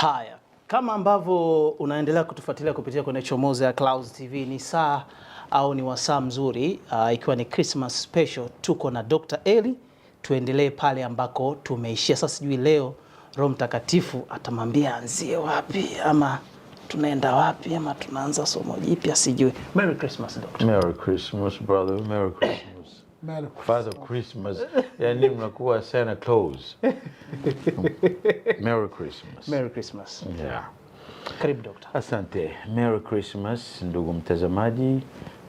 Haya, kama ambavyo unaendelea kutufuatilia kupitia kwenye Chomoza ya Clouds TV, ni saa au ni wasaa mzuri uh, ikiwa ni Christmas special, tuko na Dr. Eli. Tuendelee pale ambako tumeishia. Sasa sijui leo Roho Mtakatifu atamwambia anzie wapi ama tunaenda wapi ama tunaanza somo jipya sijui. Merry Christmas, Doctor. Merry Christmas, brother. Merry Christmas. Father Christmas, yani mnakuwa Santa Claus. Merry Christmas. Merry Christmas. Yeah. Karibu Dokta. Asante. Merry Christmas ndugu mtazamaji,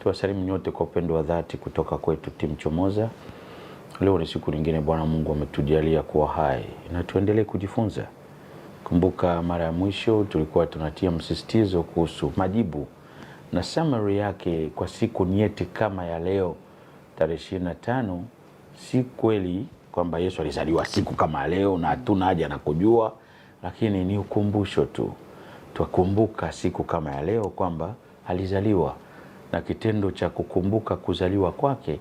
tuwasalimu nyote kwa upendo wa dhati kutoka kwetu timu Chomoza. Leo ni siku nyingine Bwana Mungu ametujalia kuwa hai na tuendelee kujifunza. Kumbuka mara ya mwisho tulikuwa tunatia msisitizo kuhusu majibu na summary yake kwa siku nyeti kama ya leo tarehe ishirini na tano si kweli kwamba Yesu alizaliwa siku kama leo na hatuna haja na kujua, lakini ni ukumbusho tu, twakumbuka siku kama ya leo kwamba alizaliwa, na kitendo cha kukumbuka kuzaliwa kwake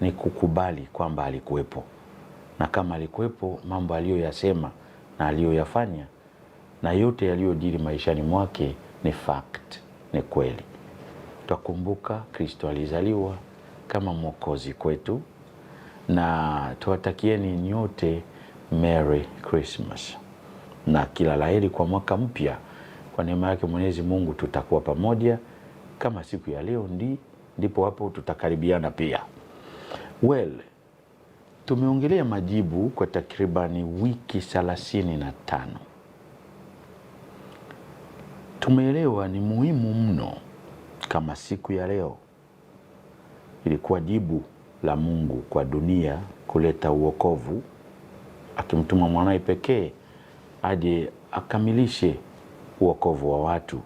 ni kukubali kwamba alikuwepo, na kama alikuwepo, mambo aliyoyasema na aliyoyafanya na yote yaliyojiri maishani mwake ni fact, ni kweli. Twakumbuka Kristo alizaliwa kama mwokozi kwetu, na tuwatakieni nyote Merry Christmas na kila laheri kwa mwaka mpya. Kwa neema yake Mwenyezi Mungu tutakuwa pamoja kama siku ya leo ndi, ndipo hapo tutakaribiana pia. Well, tumeongelea majibu kwa takribani wiki thelathini na tano. Tumeelewa ni muhimu mno kama siku ya leo ilikuwa jibu la Mungu kwa dunia kuleta uokovu, akimtuma mwanaye pekee aje akamilishe uokovu wa watu.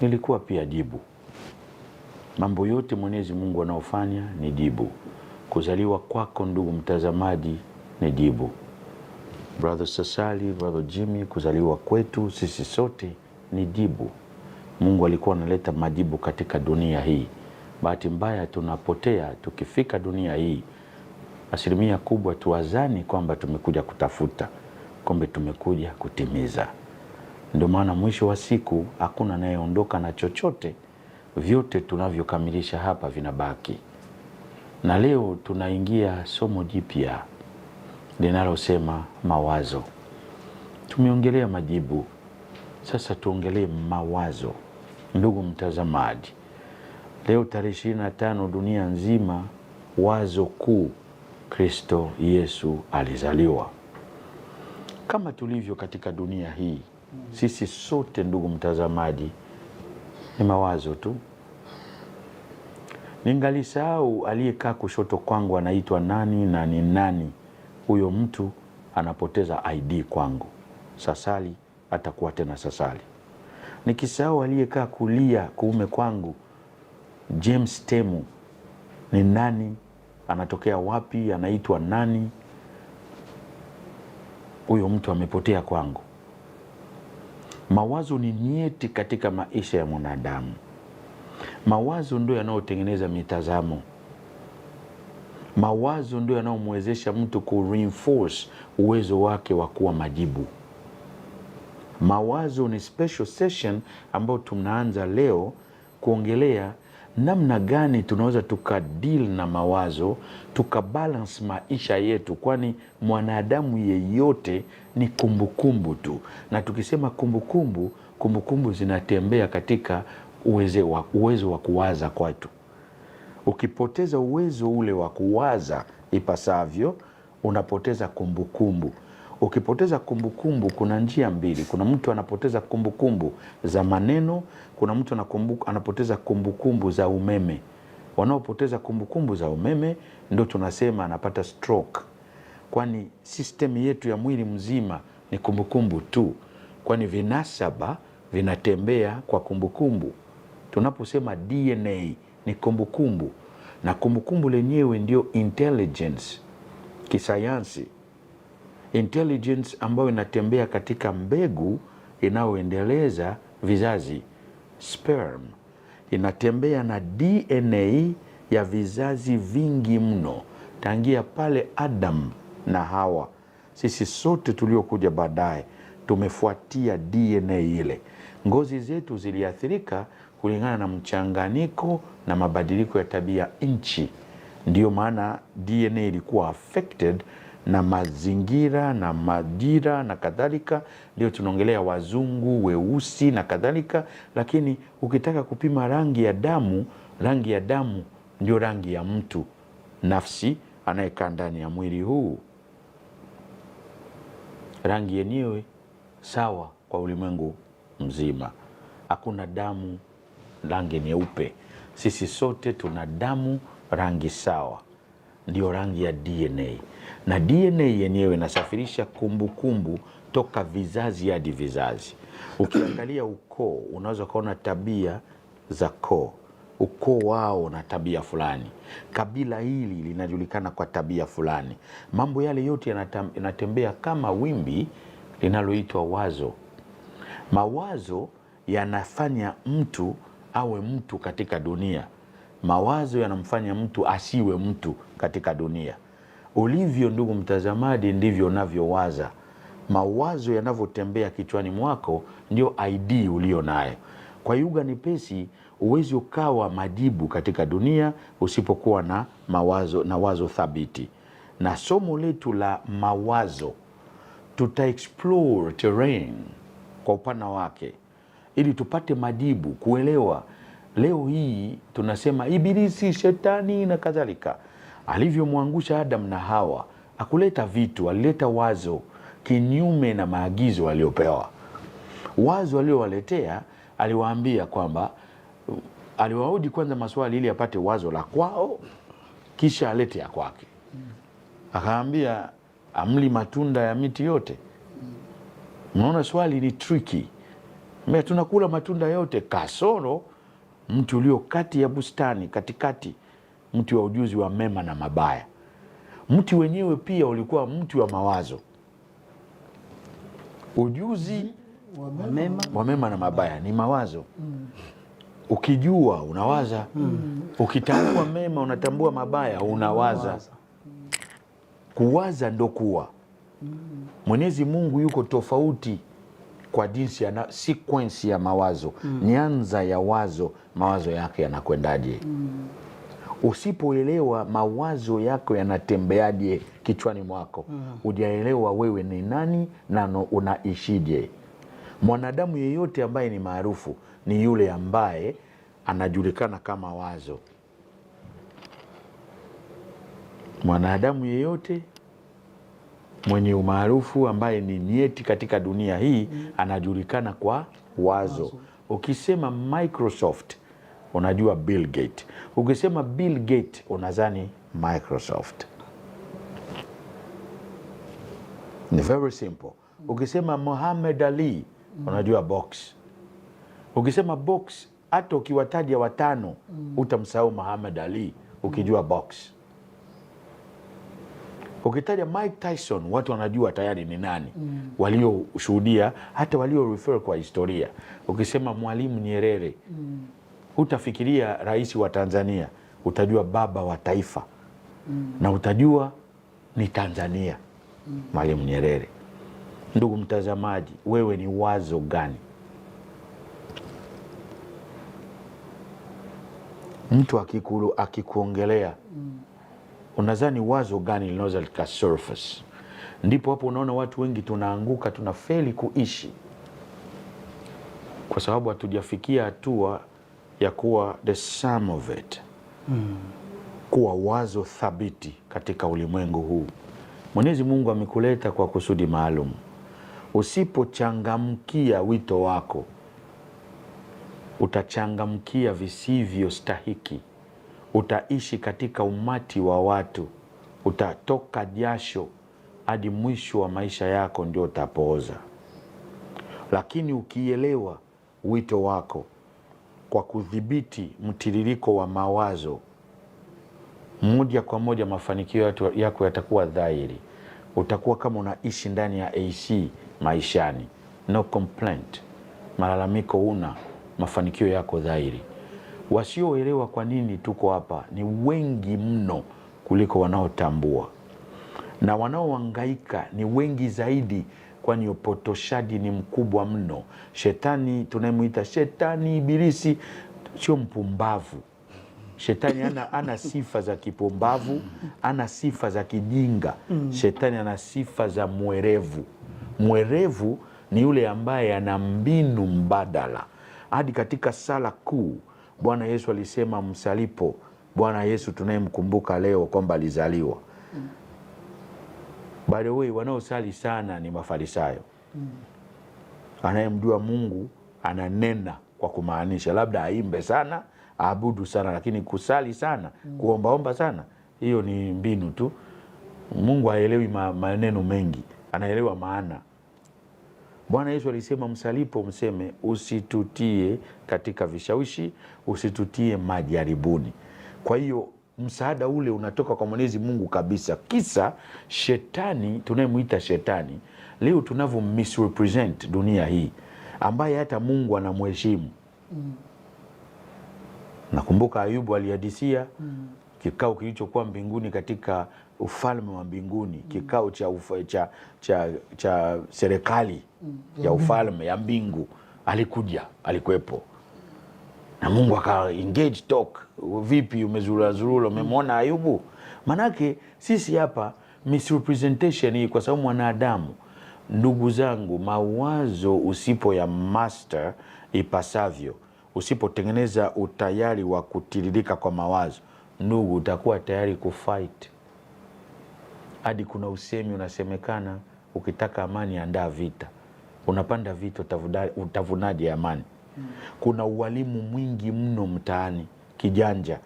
Nilikuwa pia jibu. Mambo yote Mwenyezi Mungu anaofanya ni jibu. Kuzaliwa kwako ndugu mtazamaji ni jibu. Brother Sasali, Brother Jimmy, kuzaliwa kwetu sisi sote ni jibu. Mungu alikuwa analeta majibu katika dunia hii bahati mbaya tunapotea. Tukifika dunia hii, asilimia kubwa tuwazani kwamba tumekuja kutafuta, kumbe tumekuja kutimiza. Ndio maana mwisho wa siku hakuna anayeondoka na chochote, vyote tunavyokamilisha hapa vinabaki. Na leo tunaingia somo jipya linalosema mawazo. Tumeongelea majibu, sasa tuongelee mawazo. Ndugu mtazamaji, Leo tarehe ishirini na tano dunia nzima wazo kuu, Kristo Yesu alizaliwa. Kama tulivyo katika dunia hii, sisi sote ndugu mtazamaji, ni mawazo tu. Ningalisahau aliyekaa kushoto kwangu anaitwa nani na ni nani huyo mtu, anapoteza ID kwangu. Sasali atakuwa tena Sasali. Nikisahau aliyekaa kulia kuume kwangu James Temu ni nani? Anatokea wapi? Anaitwa nani? Huyo mtu amepotea kwangu. Mawazo ni nyeti katika maisha ya mwanadamu. Mawazo ndio yanayotengeneza mitazamo. Mawazo ndio yanayomwezesha mtu ku reinforce uwezo wake wa kuwa majibu. Mawazo ni special session ambayo tunaanza leo kuongelea namna gani tunaweza tukadil na mawazo tukabalance maisha yetu, kwani mwanadamu yeyote ni kumbukumbu tu, na tukisema kumbukumbu, kumbukumbu zinatembea katika uwezo wa, uwezo wa kuwaza kwetu. Ukipoteza uwezo ule wa kuwaza ipasavyo, unapoteza kumbukumbu kumbu. Ukipoteza kumbukumbu kumbu, kuna njia mbili. Kuna mtu anapoteza kumbukumbu kumbu za maneno, kuna mtu anapoteza kumbukumbu kumbu za umeme. Wanaopoteza kumbukumbu za umeme ndo tunasema anapata stroke, kwani sistemu yetu ya mwili mzima ni kumbukumbu kumbu tu, kwani vinasaba vinatembea kwa kumbukumbu. Tunaposema DNA ni kumbukumbu kumbu, na kumbukumbu lenyewe ndio intelligence kisayansi intelligence ambayo inatembea katika mbegu inayoendeleza vizazi sperm, inatembea na DNA ya vizazi vingi mno tangia pale Adam na Hawa. Sisi sote tuliokuja baadaye tumefuatia DNA ile. Ngozi zetu ziliathirika kulingana na mchanganyiko na mabadiliko ya tabia nchi, ndiyo maana DNA ilikuwa affected na mazingira na majira na kadhalika. Leo tunaongelea wazungu weusi na kadhalika, lakini ukitaka kupima rangi ya damu, rangi ya damu ndio rangi ya mtu nafsi anayekaa ndani ya mwili huu. Rangi yenyewe sawa kwa ulimwengu mzima, hakuna damu rangi nyeupe. Sisi sote tuna damu rangi sawa, ndiyo rangi ya DNA na DNA yenyewe inasafirisha kumbukumbu toka vizazi hadi vizazi. Ukiangalia ukoo, unaweza ukaona tabia za koo, ukoo wao na tabia fulani, kabila hili linajulikana kwa tabia fulani. Mambo yale yote yanatembea kama wimbi linaloitwa wazo. Mawazo yanafanya mtu awe mtu katika dunia. Mawazo yanamfanya mtu asiwe mtu katika dunia. Ulivyo ndugu mtazamaji, ndivyo unavyowaza. Mawazo yanavyotembea kichwani mwako ndio ID ulio nayo. Kwa ni pesi uwezi ukawa majibu katika dunia usipokuwa na mawazo na wazo thabiti. Na somo letu la mawazo, tuta explore terrain kwa upana wake ili tupate majibu, kuelewa. Leo hii tunasema ibilisi, shetani na kadhalika alivyomwangusha Adam na Hawa, akuleta vitu, alileta wazo kinyume na maagizo aliyopewa. Wazo aliyowaletea aliwaambia kwamba aliwaudi kwanza maswali ili apate wazo la kwao, kisha alete ya kwake. Akaambia amli matunda ya miti yote. Unaona, swali ni triki. Tunakula matunda yote kasoro mti ulio kati ya bustani katikati mti wa ujuzi wa mema na mabaya. Mti wenyewe pia ulikuwa mti wa mawazo, ujuzi wa mema, wa mema na mabaya ni mawazo mm. Ukijua unawaza mm. mm. Ukitambua mema unatambua mabaya, unawaza. Kuwaza ndo kuwa. Mm. Mwenyezi Mungu yuko tofauti kwa jinsi ya sequence ya mawazo mm. Nyanza ya wazo, mawazo yake yanakwendaje? mm. Usipoelewa mawazo yako yanatembeaje kichwani mwako, mm. ujaelewa wewe ni nani na unaishije. Mwanadamu yeyote ambaye ni maarufu ni yule ambaye anajulikana kama wazo. Mwanadamu yeyote mwenye umaarufu ambaye ni nyeti katika dunia hii mm. anajulikana kwa wazo. Ukisema Microsoft unajua Bill Gates. Ukisema Bill Gates unadhani Microsoft. Ni very simple. Ukisema Muhammad Ali unajua box. Ukisema box, hata ukiwataja watano utamsahau Muhammad Ali ukijua box. Ukitaja Mike Tyson watu wanajua tayari ni nani, mm. walioshuhudia hata walio refer kwa historia. Ukisema Mwalimu Nyerere mm hutafikiria rais wa Tanzania, utajua baba wa taifa mm. na utajua ni Tanzania mm. Mwalimu Nyerere. Ndugu mtazamaji, wewe ni wazo gani? Mtu akikulu, akikuongelea mm. unadhani wazo gani linaweza lika surface? Ndipo hapo unaona watu wengi tunaanguka, tunafeli kuishi kwa sababu hatujafikia hatua ya kuwa the sum of it mm. kuwa wazo thabiti katika ulimwengu huu. Mwenyezi Mungu amekuleta kwa kusudi maalum. Usipochangamkia wito wako, utachangamkia visivyo stahiki utaishi katika umati wa watu, utatoka jasho hadi mwisho wa maisha yako ndio utapooza. Lakini ukielewa wito wako kwa kudhibiti mtiririko wa mawazo, moja kwa moja mafanikio yako yatakuwa dhahiri. Utakuwa kama unaishi ndani ya AC maishani, no complaint, malalamiko una, mafanikio yako dhahiri. Wasioelewa kwa nini tuko hapa ni wengi mno kuliko wanaotambua, na wanaohangaika ni wengi zaidi kwani upotoshaji ni mkubwa mno. Shetani tunayemwita shetani Ibilisi sio mpumbavu. Shetani ana, ana sifa za kipumbavu, ana sifa za kijinga. Shetani ana sifa za mwerevu. Mwerevu ni yule ambaye ana mbinu mbadala. Hadi katika sala kuu Bwana Yesu alisema msalipo Bwana Yesu tunayemkumbuka leo kwamba alizaliwa By the way, wanaosali sana ni Mafarisayo. mm. Anayemjua Mungu ananena kwa kumaanisha, labda aimbe sana, aabudu sana, lakini kusali sana, mm. kuombaomba sana, hiyo ni mbinu tu. Mungu haelewi maneno mengi, anaelewa maana. Bwana Yesu alisema msalipo, mseme usitutie katika vishawishi, usitutie majaribuni. Kwa hiyo msaada ule unatoka kwa Mwenyezi Mungu kabisa. Kisa shetani tunayemwita shetani leo tunavyo misrepresent dunia hii ambaye hata Mungu anamheshimu mm. Nakumbuka Ayubu alihadisia mm. kikao kilichokuwa mbinguni katika ufalme wa mbinguni mm. kikao cha, ufa, cha, cha, cha serikali mm. ya ufalme ya mbingu, alikuja alikuwepo na Mungu aka engage talk, vipi umezurura zurura, umemwona Ayubu? Manake sisi hapa misrepresentation hii, kwa sababu mwanadamu, ndugu zangu, mawazo usipo ya master ipasavyo, usipotengeneza utayari wa kutiririka kwa mawazo, ndugu, utakuwa tayari kufight. Hadi kuna usemi unasemekana, ukitaka amani andaa vita. Unapanda vita, utavunaje amani? Kuna ualimu mwingi mno mtaani kijanja,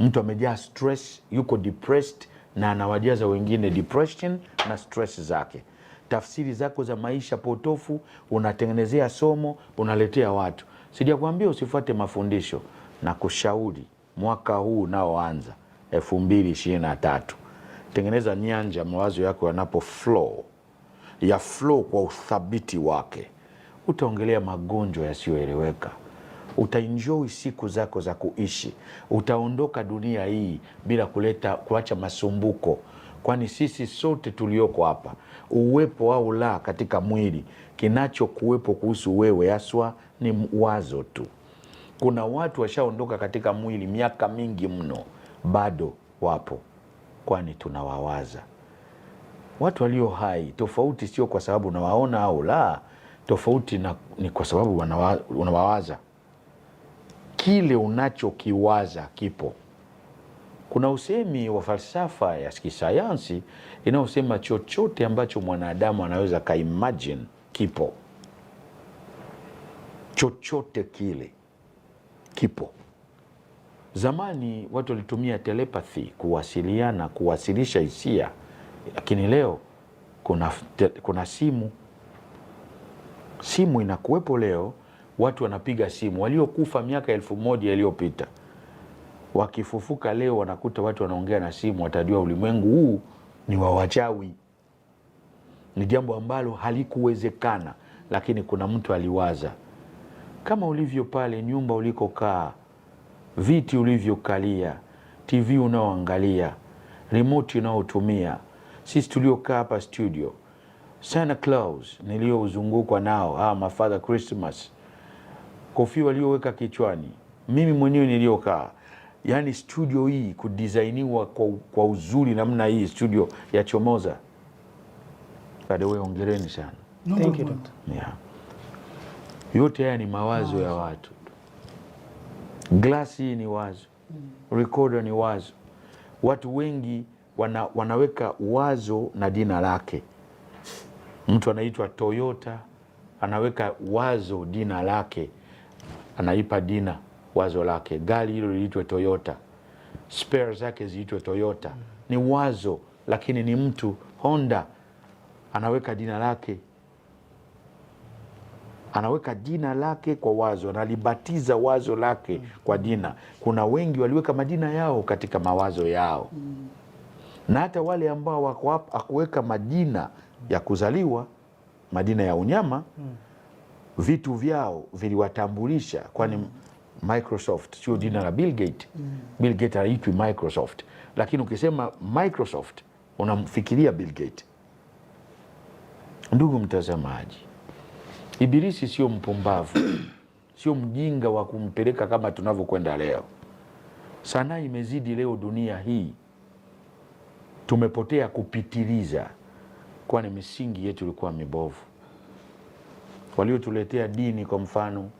mtu amejaa stress, yuko depressed na anawajaza wengine depression na stress zake. Tafsiri zako za maisha potofu unatengenezea somo, unaletea watu. Sijakwambia usifuate mafundisho na kushauri, mwaka huu unaoanza 2023 tengeneza nyanja mawazo yako yanapo flow ya flow kwa uthabiti wake utaongelea magonjwa yasiyoeleweka, utainjoi siku zako za kuishi, utaondoka dunia hii bila kuleta kuacha masumbuko, kwani sisi sote tulioko hapa, uwepo au la katika mwili, kinachokuwepo kuhusu wewe haswa ni wazo tu. Kuna watu washaondoka katika mwili miaka mingi mno, bado wapo, kwani tunawawaza. Watu walio hai tofauti sio kwa sababu nawaona au la tofauti na, ni kwa sababu wanawa, unawawaza kile unachokiwaza kipo. Kuna usemi wa falsafa ya kisayansi inayosema chochote ambacho mwanadamu anaweza kaimagine kipo, chochote kile kipo. Zamani watu walitumia telepathy kuwasiliana, kuwasilisha hisia, lakini leo kuna, kuna simu simu inakuwepo leo, watu wanapiga simu, waliokufa miaka elfu moja iliyopita wakifufuka leo wanakuta watu wanaongea na simu, watajua ulimwengu huu ni wa wachawi. Ni jambo ambalo halikuwezekana, lakini kuna mtu aliwaza, kama ulivyo pale nyumba ulikokaa, viti ulivyokalia, TV unaoangalia, remote unaotumia, sisi tuliokaa hapa studio Santa Claus niliyozungukwa nao, ah, father Christmas, kofia walioweka kichwani, mimi mwenyewe niliyokaa yani studio hii kudisainiwa kwa, kwa uzuri namna hii, studio ya Chomoza. Baadaye ongereni sana. Thank you, doctor. Yeah. Yote haya ni mawazo ya watu. Glasi hii ni wazo, mm. recorder ni wazo. Watu wengi wana, wanaweka wazo na jina lake. Mtu anaitwa Toyota anaweka wazo dina lake, anaipa dina wazo lake, gari hilo liitwe Toyota, spare zake ziitwe Toyota. Ni wazo, lakini ni mtu. Honda anaweka dina lake, anaweka dina lake kwa wazo, analibatiza wazo lake kwa dina. Kuna wengi waliweka madina yao katika mawazo yao, mm. na hata wale ambao hakuweka majina ya kuzaliwa, madina ya unyama, vitu vyao viliwatambulisha, kwani Microsoft sio jina la Bill Gates. Bill Gates haitwi Microsoft, lakini ukisema Microsoft unamfikiria Bill Gates. Ndugu mtazamaji, Ibilisi sio mpumbavu, sio mjinga wa kumpeleka kama tunavyokwenda leo. Sanaa imezidi leo dunia hii, tumepotea kupitiliza ilikuwa ni misingi yetu ilikuwa mibovu. Waliotuletea dini kwa mfano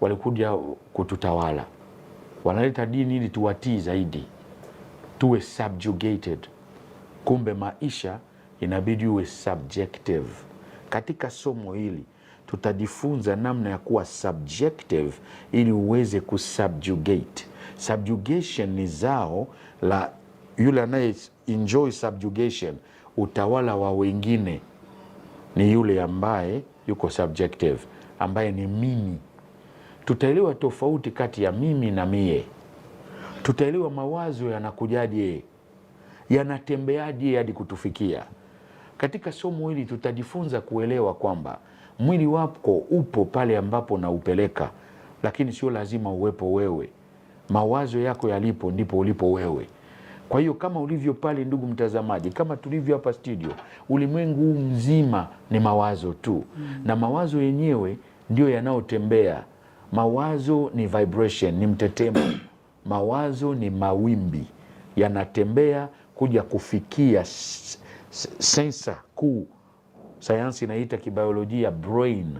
walikuja kututawala, wanaleta dini ili tuwatii zaidi, tuwe subjugated. Kumbe maisha inabidi uwe subjective. Katika somo hili tutajifunza namna ya kuwa subjective ili uweze kusubjugate. Subjugation ni zao la yule anaye enjoy subjugation utawala wa wengine ni yule ambaye yuko subjective, ambaye ni mimi. Tutaelewa tofauti kati ya mimi na mie, tutaelewa mawazo yanakujaje, yanatembeaje hadi kutufikia. Katika somo hili tutajifunza kuelewa kwamba mwili wako upo pale ambapo naupeleka, lakini sio lazima uwepo wewe. Mawazo yako yalipo ndipo ulipo wewe. Kwa hiyo kama ulivyo pale, ndugu mtazamaji, kama tulivyo hapa studio, ulimwengu huu mzima ni mawazo tu mm. na mawazo yenyewe ndio yanayotembea. Mawazo ni vibration, ni mtetemo mawazo ni mawimbi yanatembea kuja kufikia sensa kuu, sayansi inaita kibiolojia brain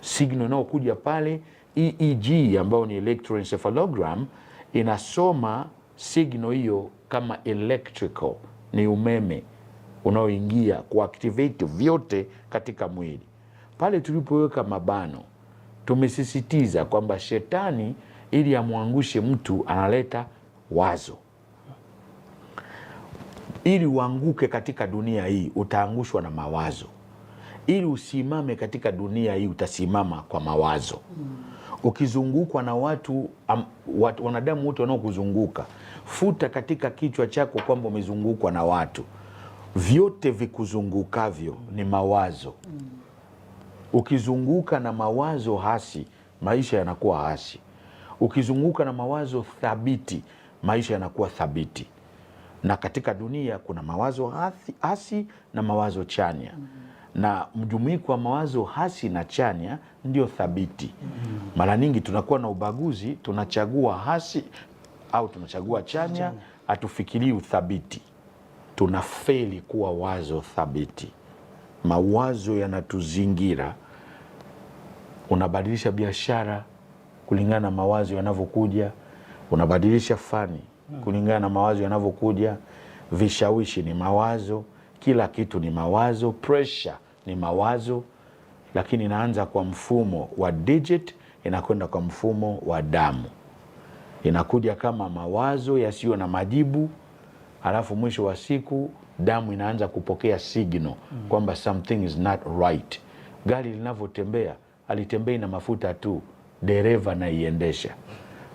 signal inaokuja pale. EEG ambayo ni electroencephalogram inasoma signal hiyo kama electrical, ni umeme unaoingia kuactivate vyote katika mwili. Pale tulipoweka mabano, tumesisitiza kwamba shetani ili amwangushe mtu analeta wazo. Ili uanguke katika dunia hii utaangushwa na mawazo, ili usimame katika dunia hii utasimama kwa mawazo. Hmm. Ukizungukwa na watu am, wanadamu wote wanaokuzunguka futa katika kichwa chako kwamba umezungukwa na watu. Vyote vikuzungukavyo ni mawazo. Ukizunguka na mawazo hasi, maisha yanakuwa hasi. Ukizunguka na mawazo thabiti, maisha yanakuwa thabiti. Na katika dunia kuna mawazo hasi na mawazo chanya na mjumuiko wa mawazo hasi na chanya ndio thabiti. Mara nyingi tunakuwa na ubaguzi, tunachagua hasi, au tunachagua chanya, hatufikirii uthabiti, tunafeli kuwa wazo thabiti. Mawazo yanatuzingira. Unabadilisha biashara kulingana na mawazo yanavyokuja, unabadilisha fani hmm. kulingana na mawazo yanavyokuja. Vishawishi ni mawazo, kila kitu ni mawazo, pressure ni mawazo, lakini inaanza kwa mfumo wa digit, inakwenda kwa mfumo wa damu inakuja kama mawazo yasiyo na majibu, alafu mwisho wa siku damu inaanza kupokea signal mm. kwamba something is not right. Gari linavyotembea alitembei na mafuta tu, dereva naiendesha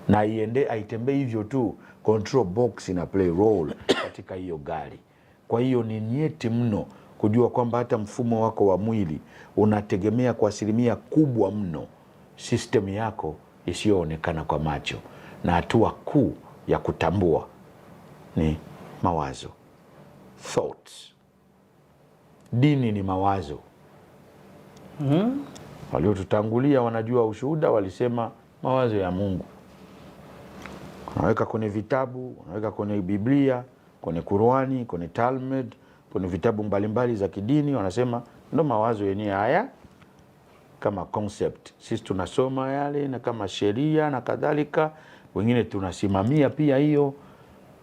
na iende, aitembei hivyo tu, control box ina play role katika hiyo gari. Kwa hiyo ni nyeti mno kujua kwamba hata mfumo wako wa mwili unategemea kwa asilimia kubwa mno system yako isiyoonekana kwa macho na hatua kuu ya kutambua ni mawazo thoughts. Dini ni mawazo mm -hmm. Waliotutangulia wanajua ushuhuda, walisema mawazo ya Mungu unaweka kwenye vitabu, unaweka kwenye Biblia, kwenye Qurani, kwenye Talmud, kwenye vitabu mbalimbali za kidini, wanasema ndo mawazo yenyewe haya kama concept. Sisi tunasoma yale na kama sheria na kadhalika wengine tunasimamia pia hiyo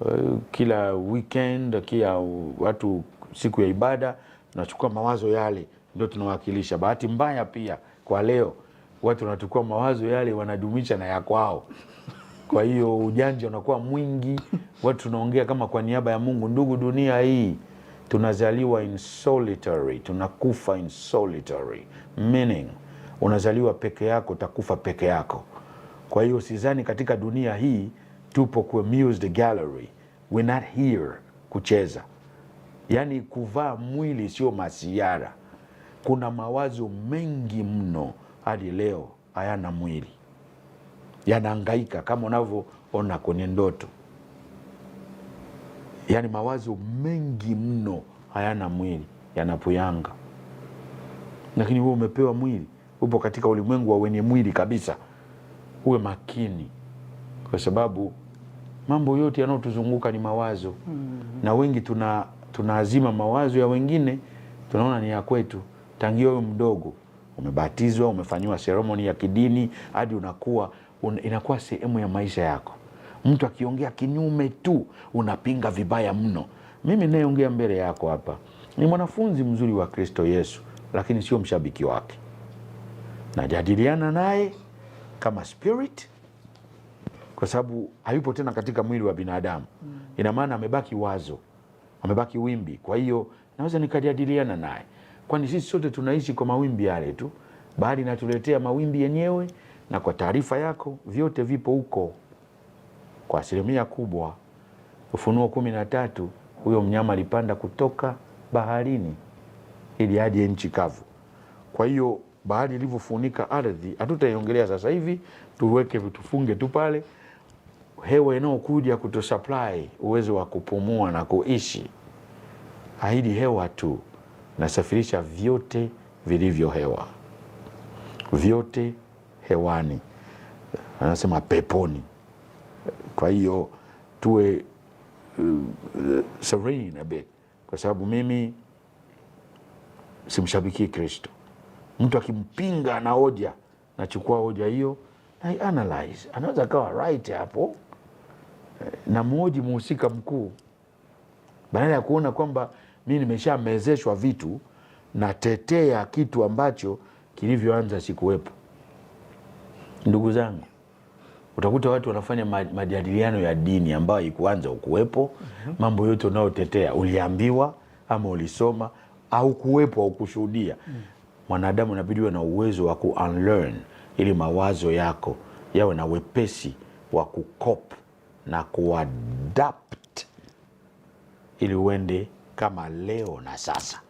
uh, kila weekend kia watu siku ya ibada tunachukua mawazo yale ndio tunawakilisha. Bahati mbaya pia kwa leo watu wanachukua mawazo yale wanadumisha na ya kwao, kwa hiyo ujanja unakuwa mwingi, watu tunaongea kama kwa niaba ya Mungu. Ndugu, dunia hii tunazaliwa in solitary, tunakufa in solitary meaning, unazaliwa peke yako, utakufa peke yako. Kwa hiyo sidhani katika dunia hii tupo kwa the gallery, we're not here kucheza. Yaani kuvaa mwili sio masiara. Kuna mawazo mengi mno hadi leo hayana mwili, yanaangaika kama unavyoona kwenye ndoto. Yaani mawazo mengi mno hayana mwili, yanapuyanga, lakini wewe umepewa mwili, upo katika ulimwengu wa wenye mwili kabisa uwe makini, kwa sababu mambo yote yanayotuzunguka ni mawazo mm -hmm. na wengi tuna tunaazima mawazo ya wengine, tunaona ni ya kwetu tangia wewe mdogo umebatizwa, umefanyiwa seremoni ya kidini hadi unakuwa un, inakuwa sehemu ya maisha yako. Mtu akiongea kinyume tu unapinga vibaya mno. Mimi nayeongea mbele yako hapa ni mwanafunzi mzuri wa Kristo Yesu, lakini sio mshabiki wake. Najadiliana naye kama spirit, kwa sababu hayupo tena katika mwili wa binadamu. Mm. Ina maana amebaki wazo, amebaki wimbi. Kwa hiyo naweza nikajadiliana naye, kwani sisi sote tunaishi kwa mawimbi yale tu, bahari inatuletea mawimbi yenyewe. Na kwa taarifa yako, vyote vipo huko kwa asilimia kubwa. Ufunuo kumi na tatu, huyo mnyama alipanda kutoka baharini ili aje nchi kavu. Kwa hiyo bahari ilivyofunika ardhi, hatutaiongelea sasa hivi, tuweke tufunge tu pale, hewa inayokuja kutusupply uwezo wa kupumua na kuishi. Ahidi hewa tu, nasafirisha vyote vilivyo hewa, vyote hewani, anasema peponi. Kwa hiyo tuwe uh, serene a bit, kwa sababu mimi simshabiki Kristo Mtu akimpinga na hoja, nachukua hoja hiyo na analyze, anaweza akawa right hapo eh, na mhoji mhusika mkuu, badala ya kuona kwamba mi nimeshamezeshwa vitu natetea kitu ambacho kilivyoanza sikuwepo. Ndugu zangu, utakuta watu wanafanya majadiliano ya dini ambayo ikuanza ukuwepo. mm -hmm. Mambo yote unayotetea uliambiwa ama ulisoma au kuwepo au kushuhudia. mm -hmm mwanadamu inabidi uwe na uwezo wa ku unlearn ili mawazo yako yawe na wepesi wa kukop na kuadapt ili uende kama leo na sasa.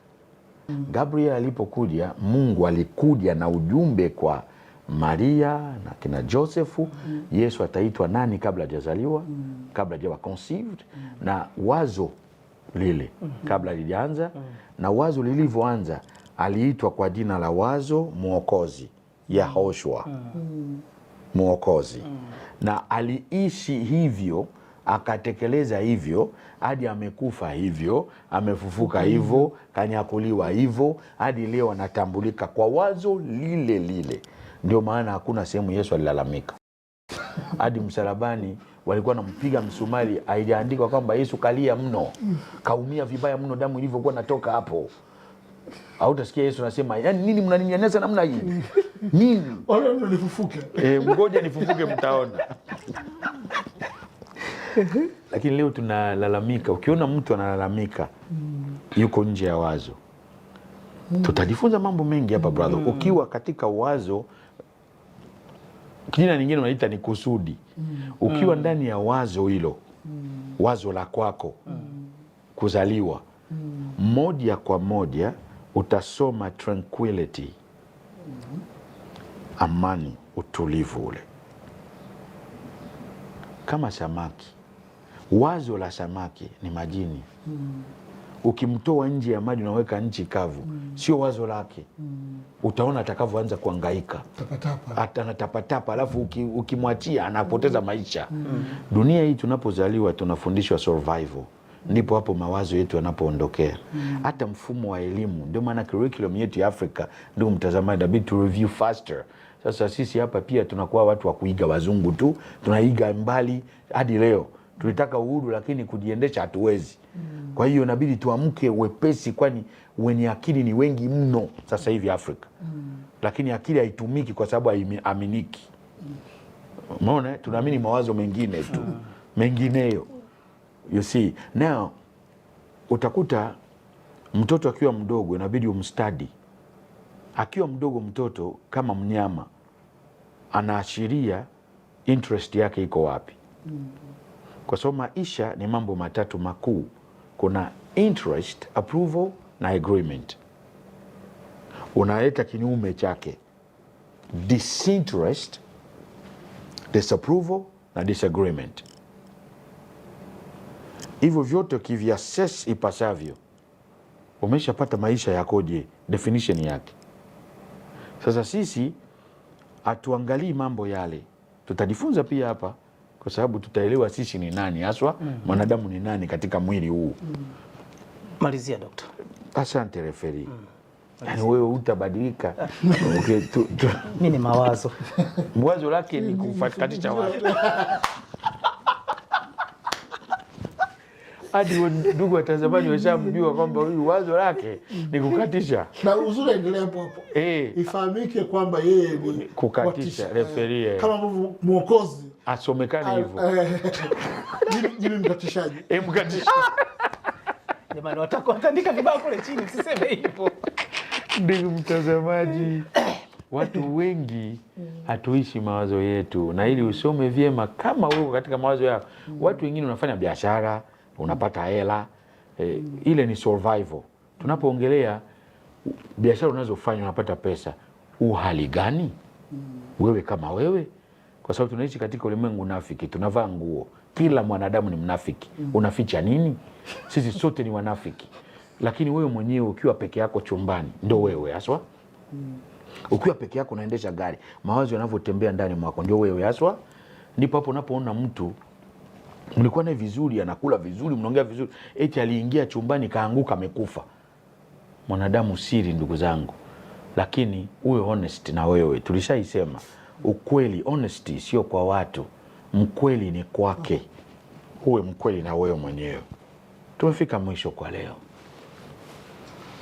Gabriel alipokuja, Mungu alikuja na ujumbe kwa Maria na kina Josefu. mm. Yesu ataitwa nani kabla hajazaliwa? mm. kabla hajawa conceived. mm. na wazo lile kabla lijaanza. mm. na wazo lilivyoanza aliitwa kwa jina la wazo mwokozi, Yahoshua mm. mm. mwokozi mm. na aliishi hivyo akatekeleza hivyo hadi amekufa hivyo, amefufuka mm. hivyo, kanyakuliwa hivyo, hadi leo anatambulika kwa wazo lile lile. Ndio maana hakuna sehemu Yesu alilalamika hadi msalabani walikuwa nampiga msumari, aijaandikwa kwamba Yesu kalia mno, mm. kaumia vibaya mno, damu ilivyokuwa natoka hapo au utasikia Yesu anasema yani nini mnaninyanyasa namna hii nini? Wala nifufuke. Eh, mgoja nifufuke mtaona. Lakini leo tunalalamika, ukiona mtu analalamika mm. yuko nje ya wazo mm. Tutajifunza mambo mengi hapa brother mm. Ukiwa katika wazo, jina lingine unaita ni kusudi mm. Ukiwa mm. ndani ya wazo hilo mm. wazo la kwako mm. kuzaliwa mm. moja kwa moja utasoma tranquility, amani, utulivu ule kama samaki. Wazo la samaki ni majini Ukimtoa nje ya maji unaweka nchi kavu mm. Sio wazo lake mm. Utaona atakavyoanza kuangaika anatapatapa, alafu ukimwachia anapoteza maisha mm. Dunia hii tunapozaliwa tunafundishwa survival ndipo hapo mawazo yetu yanapoondokea. Hata mm. mfumo wa elimu, ndio maana curriculum yetu ya Afrika, ndio mtazamaji, inabidi to review faster. Sasa sisi hapa pia tunakuwa watu wa kuiga wazungu tu, tunaiga mbali hadi leo. Tulitaka uhuru lakini kujiendesha hatuwezi. mm. Kwa hiyo inabidi tuamke wepesi, kwani wenye akili ni wengi mno sasa hivi Afrika. mm. Lakini akili haitumiki kwa sababu haiaminiki. Umeona, tunaamini mawazo mengine tu mengineyo you see now, utakuta mtoto akiwa mdogo inabidi umstadi. Akiwa mdogo mtoto kama mnyama anaashiria interest yake iko wapi, kwa sababu maisha ni mambo matatu makuu: kuna interest, approval na agreement. Unaleta kinyume chake disinterest, disapproval na disagreement hivyo vyote ukiviassess ipasavyo, umeshapata maisha yakoje, definition yake. Sasa sisi hatuangalii mambo yale, tutajifunza pia hapa kwa sababu tutaelewa sisi ni nani haswa, mm. mwanadamu mm -hmm. ni nani katika mwili huu mm -hmm. Malizia dokta. Asante referi mm -hmm. Yani wewe utabadilika. Okay, tu, tu. Mimi ni mawazo, mwazo lake ni kufakatisha watu hadi ndugu watazamani washamjua kwamba huyu wazo lake ni kukatisha, na uzuri endelea hapo hapo. Eh, ifahamike kwamba yeye ni kukatisha referee, eh. kama ambavyo mwokozi asomekane hivyo, eh. jini mkatishaji, eh, mkatisha. Jamani, watakuwa watandika vibao kule chini, usiseme hivyo. Ndugu mtazamaji, watu wengi hatuishi mawazo yetu, na ili usome vyema kama uko katika mawazo yako, watu wengine wanafanya biashara unapata hela e, ile ni survival. Tunapoongelea biashara unazofanya unapata pesa, uhali gani mm. wewe kama wewe, kwa sababu tunaishi katika ulimwengu unafiki. Tunavaa nguo, kila mwanadamu ni mnafiki. Mm. Unaficha nini? Sisi sote ni wanafiki, lakini wewe mwenyewe ukiwa peke yako chumbani ndo wewe haswa. Mm. Ukiwa peke yako unaendesha gari, mawazo yanavyotembea ndani mwako ndio wewe haswa. Ndipo hapo unapoona mtu mlikuwa naye vizuri, anakula vizuri, mnaongea vizuri, eti aliingia chumbani kaanguka, amekufa. Mwanadamu siri, ndugu zangu, lakini uwe honest na wewe. Tulishaisema ukweli, honesty sio kwa watu, mkweli ni kwake. Uwe mkweli na wewe mwenyewe. Tumefika mwisho kwa leo.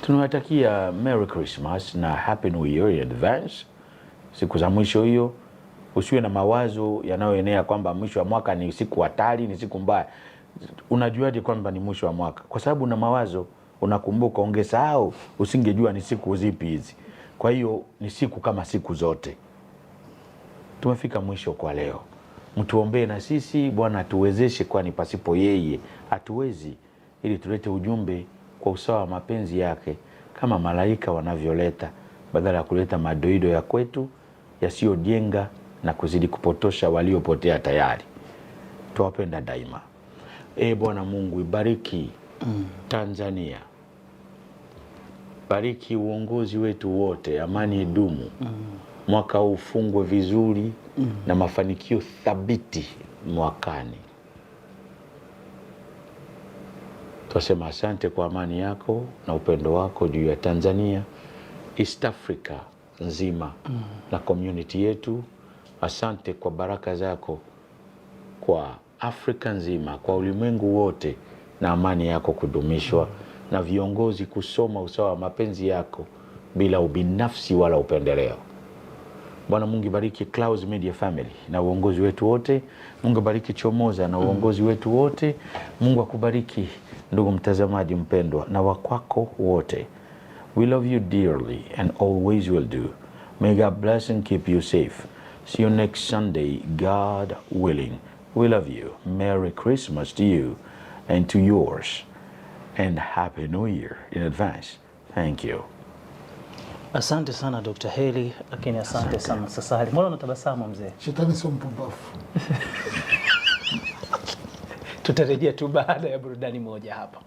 Tunawatakia Merry Christmas na Happy New Year in advance. Siku za mwisho hiyo usiwe na mawazo yanayoenea kwamba mwisho wa mwaka ni siku hatari, ni siku mbaya. Unajuaje kwamba ni mwisho wa mwaka? Kwa sababu una mawazo, unakumbuka. Ungesahau usingejua ni siku zipi hizi. Kwa hiyo ni siku kama siku zote. Tumefika mwisho kwa leo, mtuombee na sisi. Bwana atuwezeshe, kwani pasipo yeye hatuwezi, ili tulete ujumbe kwa usawa wa mapenzi yake kama malaika wanavyoleta, badala ya kuleta madoido ya kwetu yasiyojenga na kuzidi kupotosha waliopotea tayari. Tuwapenda daima. E Bwana Mungu, ibariki mm. Tanzania, bariki uongozi wetu wote, amani idumu mm. Mwaka huu ufungwe vizuri mm. na mafanikio thabiti mwakani. Twasema asante kwa amani yako na upendo wako juu ya Tanzania, East Africa nzima mm. na community yetu Asante kwa baraka zako kwa Afrika nzima, kwa ulimwengu wote, na amani yako kudumishwa, na viongozi kusoma usawa wa mapenzi yako bila ubinafsi wala upendeleo. Bwana Mungu bariki Clouds Media Family na uongozi wetu wote. Mungu bariki Chomoza na uongozi wetu wote. Mungu akubariki ndugu mtazamaji mpendwa na wakwako wote. We love you dearly and always will do. May God bless and keep you safe. See you next Sunday, God willing. We love you. Merry Christmas to you and to yours. And Happy New Year in advance. Thank you. Asante sana Dr. Heli, lakini asante, asante sana Sasali. Mbona unatabasamu mzee? Shetani sio mpumbafu. Tutarejea tu baada ya burudani moja hapa.